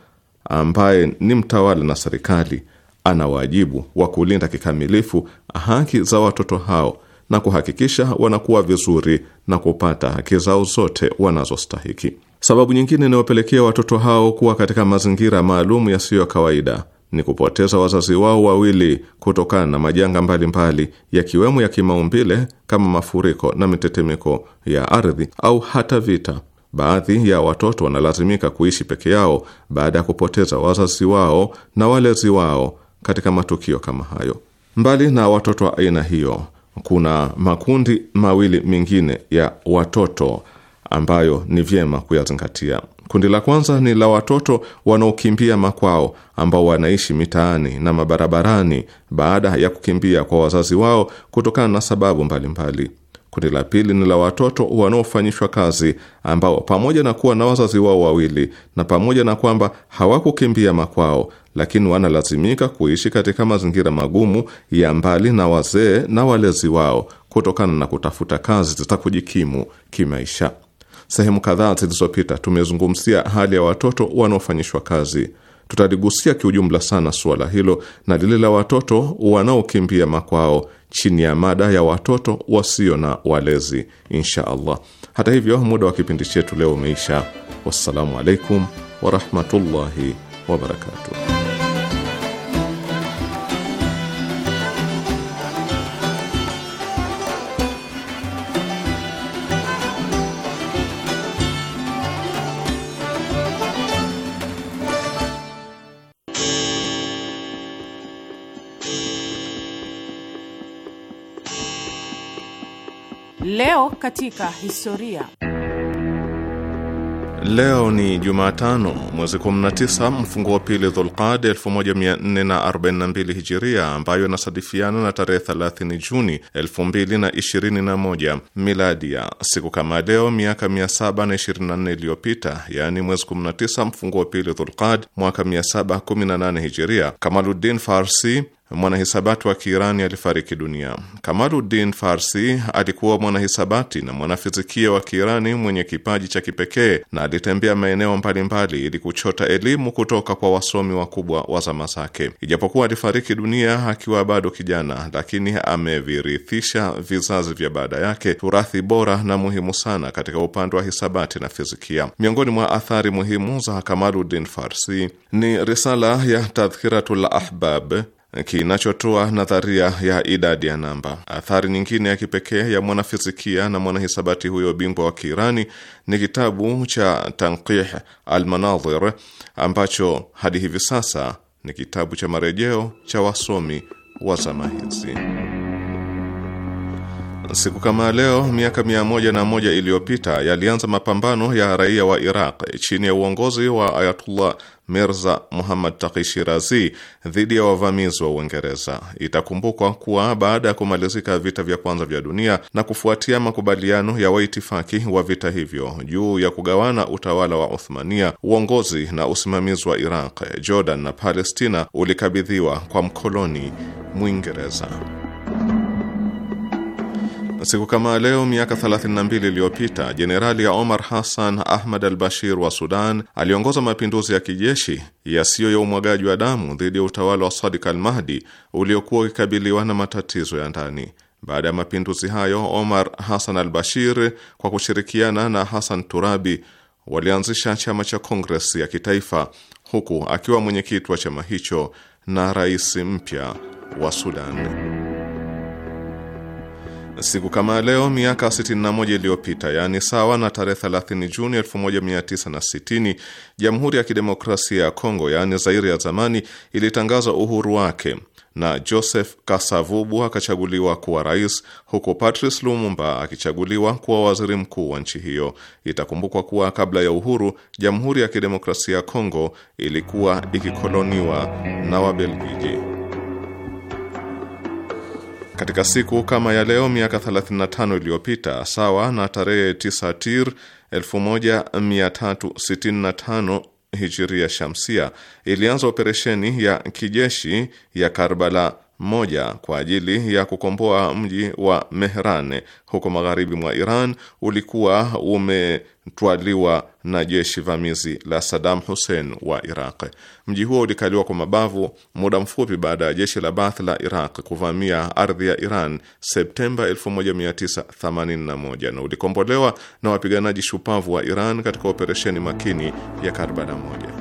ambaye ni mtawala na serikali ana wajibu wa kulinda kikamilifu haki za watoto hao na kuhakikisha wanakuwa vizuri na kupata haki zao zote wanazostahiki. Sababu nyingine inayopelekea watoto hao kuwa katika mazingira maalum yasiyo ya kawaida ni kupoteza wazazi wao wawili kutokana na majanga mbalimbali yakiwemo ya kimaumbile kama mafuriko na mitetemeko ya ardhi au hata vita. Baadhi ya watoto wanalazimika kuishi peke yao baada ya kupoteza wazazi wao na walezi wao katika matukio kama hayo. Mbali na watoto wa aina hiyo, kuna makundi mawili mengine ya watoto ambayo ni vyema kuyazingatia. Kundi la kwanza ni la watoto wanaokimbia makwao ambao wanaishi mitaani na mabarabarani baada ya kukimbia kwa wazazi wao kutokana na sababu mbalimbali. Kundi la pili ni la watoto wanaofanyishwa kazi ambao pamoja na kuwa na wazazi wao wawili na pamoja na kwamba hawakukimbia makwao, lakini wanalazimika kuishi katika mazingira magumu ya mbali na wazee na walezi wao kutokana na kutafuta kazi za kujikimu kimaisha. Sehemu kadhaa zilizopita tumezungumzia hali ya watoto wanaofanyishwa kazi. Tutaligusia kiujumla sana suala hilo na lile la watoto wanaokimbia makwao chini ya mada ya watoto wasio na walezi, insha Allah. Hata hivyo, muda wa kipindi chetu leo umeisha. Wassalamu alaikum warahmatullahi wabarakatuh. Leo katika historia. Leo ni Jumatano, mwezi 19 mfungo wa pili Dhulqad 1442 Hijiria, ambayo inasadifiana na tarehe 30 Juni 2021 Miladia. Siku kama leo miaka 724 iliyopita, yaani mwezi 19 mfungo wa pili Dhulqad mwaka 718 Hijiria, Kamaluddin Farsi mwanahisabati wa Kiirani alifariki dunia. Kamaluddin Farsi alikuwa mwanahisabati na mwanafizikia wa Kiirani mwenye kipaji cha kipekee na alitembea maeneo mbalimbali ili kuchota elimu kutoka kwa wasomi wakubwa wa zama zake. Ijapokuwa alifariki dunia akiwa bado kijana, lakini amevirithisha vizazi vya baada yake turathi bora na muhimu sana katika upande wa hisabati na fizikia. Miongoni mwa athari muhimu za Kamaluddin Farsi ni risala ya Tadhkiratul Ahbab kinachotoa nadharia ya idadi ya namba. Athari nyingine ya kipekee ya mwanafizikia na mwanahisabati huyo bingwa wa Kiirani ni kitabu cha Tanqih almanadhir ambacho hadi hivi sasa ni kitabu cha marejeo cha wasomi wa zama hizi. Siku kama leo miaka mia moja na moja iliyopita yalianza mapambano ya raia wa Iraq chini ya uongozi wa Ayatullah Mirza Muhammad Taqi Shirazi dhidi ya wavamizi wa Uingereza. Itakumbukwa kuwa baada ya kumalizika vita vya kwanza vya dunia na kufuatia makubaliano ya waitifaki wa vita hivyo juu ya kugawana utawala wa Uthmania, uongozi na usimamizi wa Iraq, Jordan na Palestina ulikabidhiwa kwa mkoloni Mwingereza. Siku kama leo miaka 32 iliyopita jenerali ya Omar Hassan Ahmad al Bashir wa Sudan aliongoza mapinduzi ya kijeshi yasiyo ya umwagaji wa damu dhidi ya utawala wa Sadik al Mahdi uliokuwa ukikabiliwa na matatizo ya ndani. Baada ya mapinduzi hayo, Omar Hassan al Bashir kwa kushirikiana na Hassan Turabi walianzisha chama cha Kongres ya Kitaifa, huku akiwa mwenyekiti wa chama hicho na rais mpya wa Sudan. Siku kama leo miaka 61 iliyopita, yaani sawa na tarehe 30 Juni 1960, Jamhuri ya Kidemokrasia ya Kongo, yaani Zaire ya zamani, ilitangaza uhuru wake na Joseph Kasavubu akachaguliwa kuwa rais, huku Patrice Lumumba akichaguliwa kuwa waziri mkuu wa nchi hiyo. Itakumbukwa kuwa kabla ya uhuru, Jamhuri ya Kidemokrasia ya Kongo ilikuwa ikikoloniwa na Wabelgiji. Katika siku kama ya leo miaka 35 iliyopita, sawa na tarehe 9 Tir 1365 hijiria shamsia, ilianza operesheni ya kijeshi ya Karbala moja kwa ajili ya kukomboa mji wa Mehran huko magharibi mwa Iran. Ulikuwa ume twaliwa na jeshi vamizi la Saddam Hussein wa Iraq. Mji huo ulikaliwa kwa mabavu muda mfupi baada ya jeshi la Baath la Iraq kuvamia ardhi ya Iran Septemba 1981 na ulikombolewa na wapiganaji shupavu wa Iran katika operesheni makini ya Karbala moja.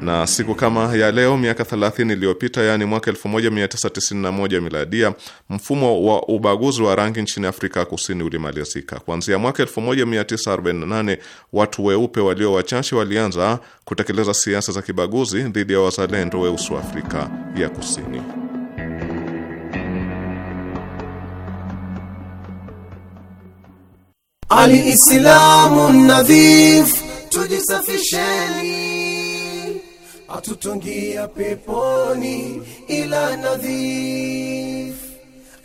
na siku kama ya leo miaka 30 iliyopita, yaani mwaka 1991 miladia, mfumo wa ubaguzi wa rangi nchini Afrika Kusini ulimalizika. Kuanzia mwaka 1948 watu weupe walio wachache walianza kutekeleza siasa za kibaguzi dhidi ya wazalendo weusi wa Afrika ya Kusini. Ali Islamu nadhif, tujisafisheni atutungia peponi ila nadhif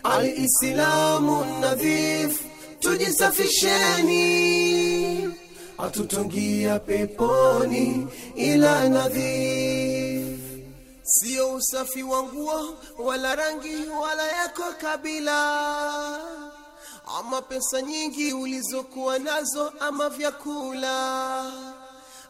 alislamu nadhif tujisafisheni atutungia peponi ila nadhif sio usafi wa nguo wala rangi wala yako kabila ama pesa nyingi ulizokuwa nazo ama vyakula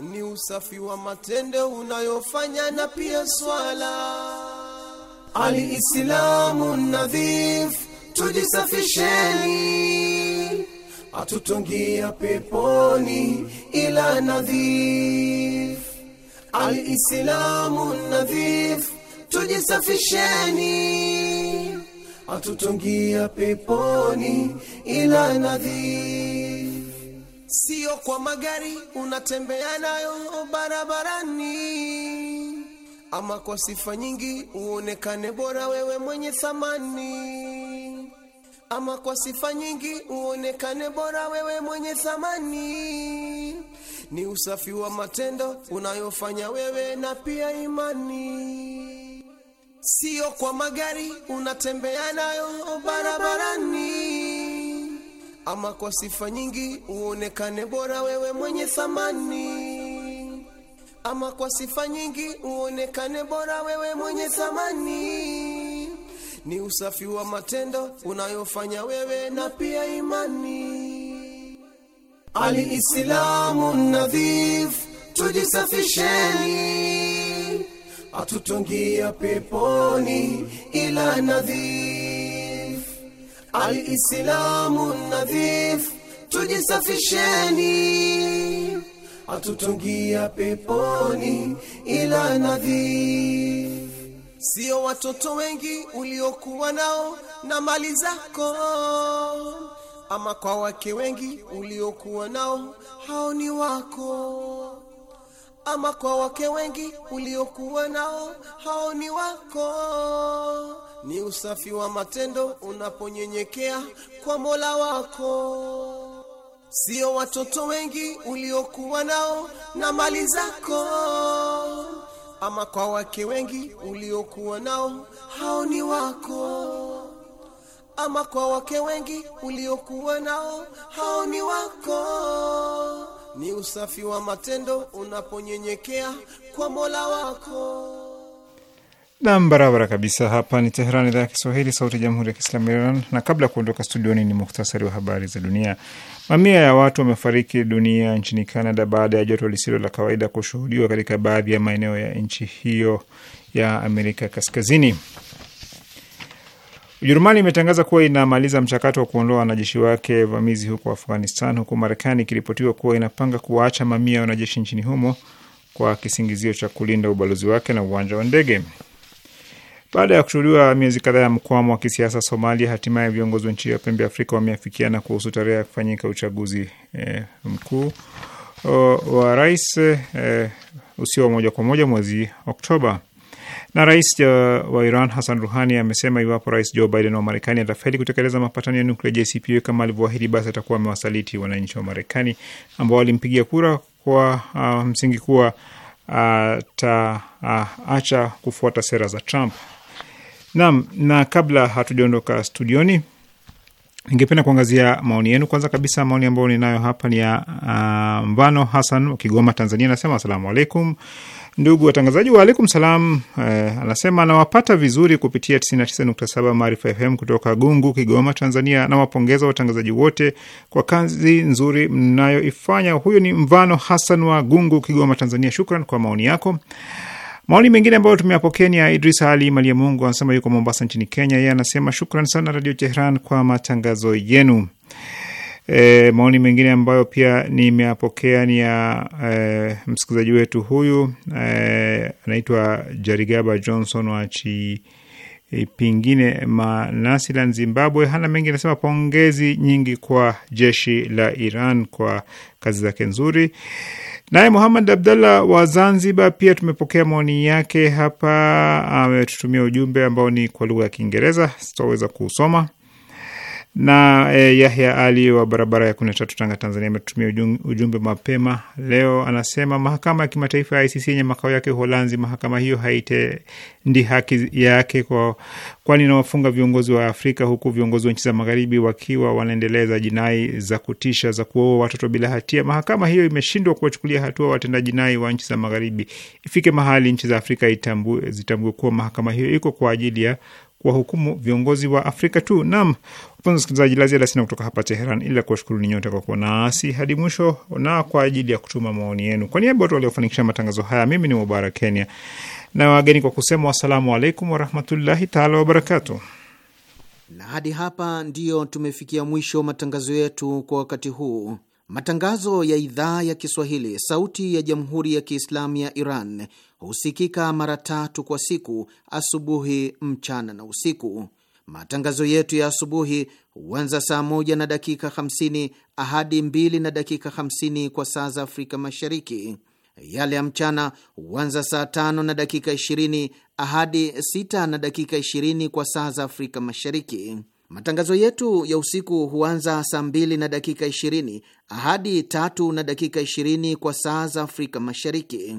ni usafi wa matendo unayofanya na pia swala. Ali Islamu nadhif, tujisafisheni, atutungia peponi ila nadhif. Ali Islamu nadhif, tujisafisheni, atutungia peponi ila nadhif sio kwa magari unatembea nayo barabarani, ama kwa sifa nyingi uonekane bora wewe mwenye thamani, ama kwa sifa nyingi uonekane bora wewe mwenye thamani. Ni usafi wa matendo unayofanya wewe na pia imani, sio kwa magari unatembea nayo barabarani ama kwa sifa nyingi uonekane bora wewe mwenye thamani, ama kwa sifa nyingi uonekane bora wewe mwenye thamani. Ni usafi wa matendo unayofanya wewe na pia imani. Ali Islamu nadhif, tujisafisheni, atutongia peponi ila nadhif Alislamu nadhif, tujisafisheni, atutungia peponi ila nadhif. Sio watoto wengi uliokuwa nao na mali zako, ama kwa wake wengi uliokuwa nao, hao ni wako ama kwa wake wengi uliokuwa nao, hao ni wako ni usafi wa matendo unaponyenyekea kwa Mola wako sio watoto wengi uliokuwa nao na mali zako, ama kwa wake wengi uliokuwa nao hao ni wako, ama kwa wake wengi uliokuwa nao hao ni wako. Ni usafi wa matendo unaponyenyekea kwa Mola wako. Nam, barabara kabisa. Hapa ni Teheran, idhaa ya Kiswahili, sauti ya jamhuri ya kiislamu Iran. Na kabla ya kuondoka studioni, ni muhtasari wa habari za dunia. Mamia ya watu wamefariki dunia nchini Canada baada ya joto lisilo la kawaida kushuhudiwa katika baadhi ya maeneo ya nchi hiyo ya Amerika Kaskazini. Ujerumani imetangaza kuwa inamaliza mchakato wa kuondoa wanajeshi wake vamizi huko Afghanistan, huku Marekani ikiripotiwa kuwa inapanga kuwaacha mamia ya wanajeshi nchini humo kwa kisingizio cha kulinda ubalozi wake na uwanja wa ndege. Baada ya kushuhudiwa miezi kadhaa ya mkwamo wa kisiasa Somalia, hatimaye viongozi wa nchi ya pembe Afrika wameafikiana kuhusu tarehe ya kufanyika uchaguzi eh, mkuu o, wa rais eh, usio moja kwa moja mwezi Oktoba. Na rais eh, wa Iran Hassan Ruhani amesema iwapo rais Joe Biden wa Marekani atafeli kutekeleza mapatano ya nuklia JCPOA kama alivyoahidi, basi atakuwa amewasaliti wananchi wa Marekani ambao walimpigia kura kwa uh, msingi kuwa ataacha ah, ah, uh, uh, kufuata sera za Trump. Naam, na kabla hatujaondoka studioni, ningependa kuangazia maoni yenu. Kwanza kabisa, maoni ambayo ninayo hapa ni ya uh, Mbano Hasan wa Kigoma, Tanzania. Anasema asalamu alaikum ndugu watangazaji. Waalaikum salam. Eh, anasema anawapata vizuri kupitia 99.7 Maarifa FM kutoka Gungu, Kigoma, Tanzania. Nawapongeza watangazaji wote kwa kazi nzuri mnayoifanya. Huyo ni Mvano Hasan wa Gungu, Kigoma, Tanzania. Shukran kwa maoni yako. Maoni mengine ambayo tumeyapokea ni ya Idris Ali mungu anasema yuko Mombasa nchini Kenya. Yeye anasema shukran sana Radio Tehran kwa matangazo yenu. E, maoni mengine ambayo pia nimeyapokea ni ya e, msikilizaji wetu huyu e, anaitwa Jarigaba Johnson pingine manasi la Zimbabwe. Hana mengi, anasema pongezi nyingi kwa jeshi la Iran kwa kazi zake nzuri. Naye Muhammad Abdallah wa Zanzibar pia tumepokea maoni yake hapa, ametutumia ujumbe ambao ni kwa lugha ya Kiingereza, sitaweza kuusoma na eh, Yahya Ali wa barabara ya kumi na tatu Tanga, Tanzania ametumia ujumbe mapema leo. Anasema mahakama ya kimataifa ya ICC yenye makao yake Uholanzi, mahakama hiyo haitendi haki yake kwa kwani inawafunga viongozi wa Afrika huku viongozi wa nchi za magharibi wakiwa wanaendeleza jinai za kutisha za kuoa watoto bila hatia. Mahakama hiyo imeshindwa kuwachukulia hatua watenda jinai wa nchi za magharibi. Ifike mahali nchi za Afrika zitambue kuwa mahakama hiyo iko kwa ajili ya kuwahukumu viongozi wa Afrika tu. Naam, wapenzi wasikilizaji, la ziada sina kutoka hapa Teheran ila kuwashukuruni nyote kwa kuwa nasi hadi mwisho na kwa ajili ya kutuma maoni yenu. Kwa niaba watu waliofanikisha matangazo haya, mimi ni Mubarak Kenya na wageni kwa kusema wassalamu alaikum warahmatullahi taala wabarakatu. Na hadi hapa ndiyo tumefikia mwisho matangazo yetu kwa wakati huu. Matangazo ya idhaa ya Kiswahili, sauti ya jamhuri ya Kiislamu ya Iran husikika mara tatu kwa siku: asubuhi, mchana na usiku. Matangazo yetu ya asubuhi huanza saa moja na dakika 50 hadi 2 na dakika 50 kwa saa za Afrika Mashariki. Yale ya mchana huanza saa tano na dakika 20 ahadi sita na dakika 20 kwa saa za Afrika Mashariki. Matangazo yetu ya usiku huanza saa mbili na dakika 20 hadi tatu na dakika 20 kwa saa za Afrika Mashariki.